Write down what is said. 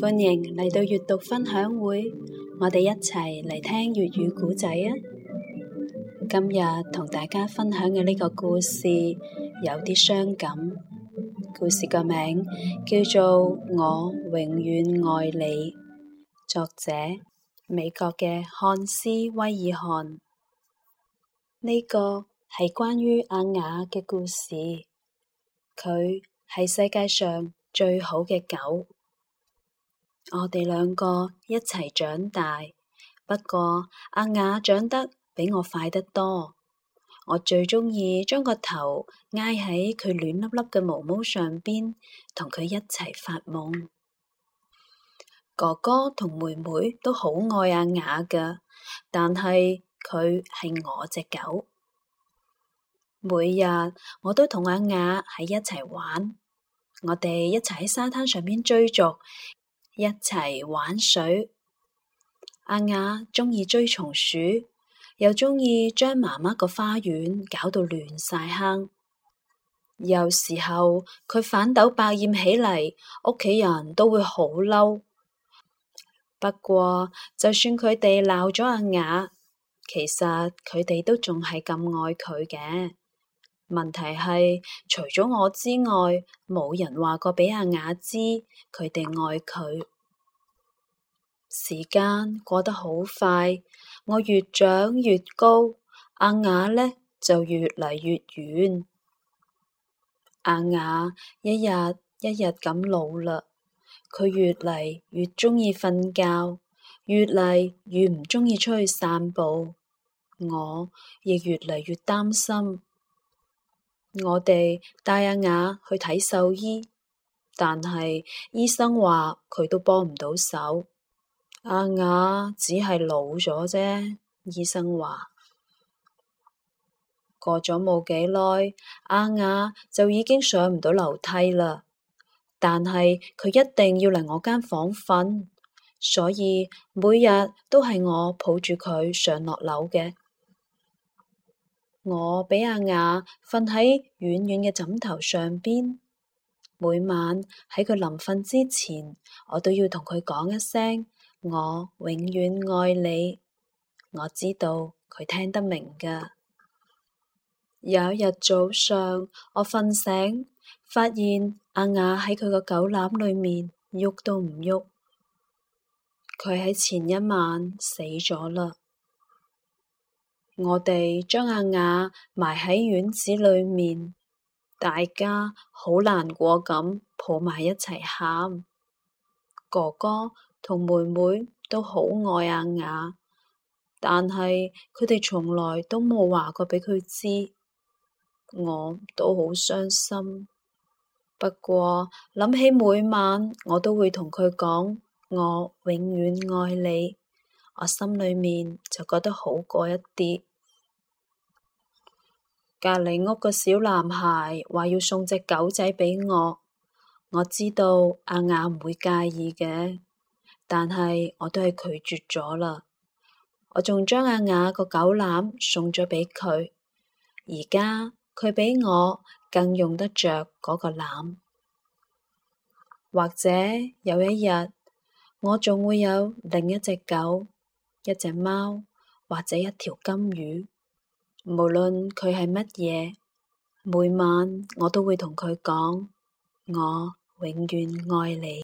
歡迎嚟到閱讀分享會，我哋一齊嚟聽粵語故仔啊！今日同大家分享嘅呢個故事有啲傷感，故事個名叫做《我永遠愛你》，作者美國嘅漢斯威爾漢。呢個係關於阿雅嘅故事，佢係世界上最好嘅狗。我哋兩個一齊長大，不過阿雅長得比我快得多。我最中意將個頭挨喺佢暖粒粒嘅毛毛上邊，同佢一齊發夢。哥哥同妹妹都好愛阿雅嘅，但係佢係我隻狗。每日我都同阿雅喺一齊玩，我哋一齊喺沙灘上邊追逐。一齊玩水，阿雅鍾意追松鼠，又鍾意將媽媽個花園搞到亂晒坑。有時候佢反斗百厭起嚟，屋企人都會好嬲。不過就算佢哋鬧咗阿雅，其實佢哋都仲係咁愛佢嘅。問題係，除咗我之外，冇人話過俾阿雅知佢哋愛佢。時間過得好快，我越長越高，阿雅呢就越嚟越遠。阿雅一日一日咁老啦，佢越嚟越鍾意瞓覺，越嚟越唔鍾意出去散步，我亦越嚟越擔心。我哋帶阿雅去睇獸醫，但係醫生話佢都幫唔到手。阿雅只係老咗啫，醫生話。過咗冇幾耐，阿雅就已經上唔到樓梯啦。但係佢一定要嚟我間房瞓，所以每日都係我抱住佢上落樓嘅。我俾阿雅瞓喺軟軟嘅枕頭上邊，每晚喺佢臨瞓之前，我都要同佢講一聲，我永遠愛你。我知道佢聽得明噶。有一日早上，我瞓醒，發現阿雅喺佢個狗籃裏面，喐都唔喐。佢喺前一晚死咗啦。我哋將阿雅埋喺院子裏面，大家好難過咁抱埋一齊喊。哥哥同妹妹都好愛阿雅，但係佢哋從來都冇話過俾佢知。我都好傷心，不過諗起每晚我都會同佢講，我永遠愛你。我心裏面就覺得好過一啲。隔籬屋個小男孩話要送隻狗仔畀我，我知道阿雅唔會介意嘅，但係我都係拒絕咗啦。我仲將阿雅個狗籃送咗畀佢，而家佢比我更用得着嗰個籃，或者有一日我仲會有另一隻狗。一隻貓或者一條金魚，無論佢係乜嘢，每晚我都會同佢講，我永遠愛你。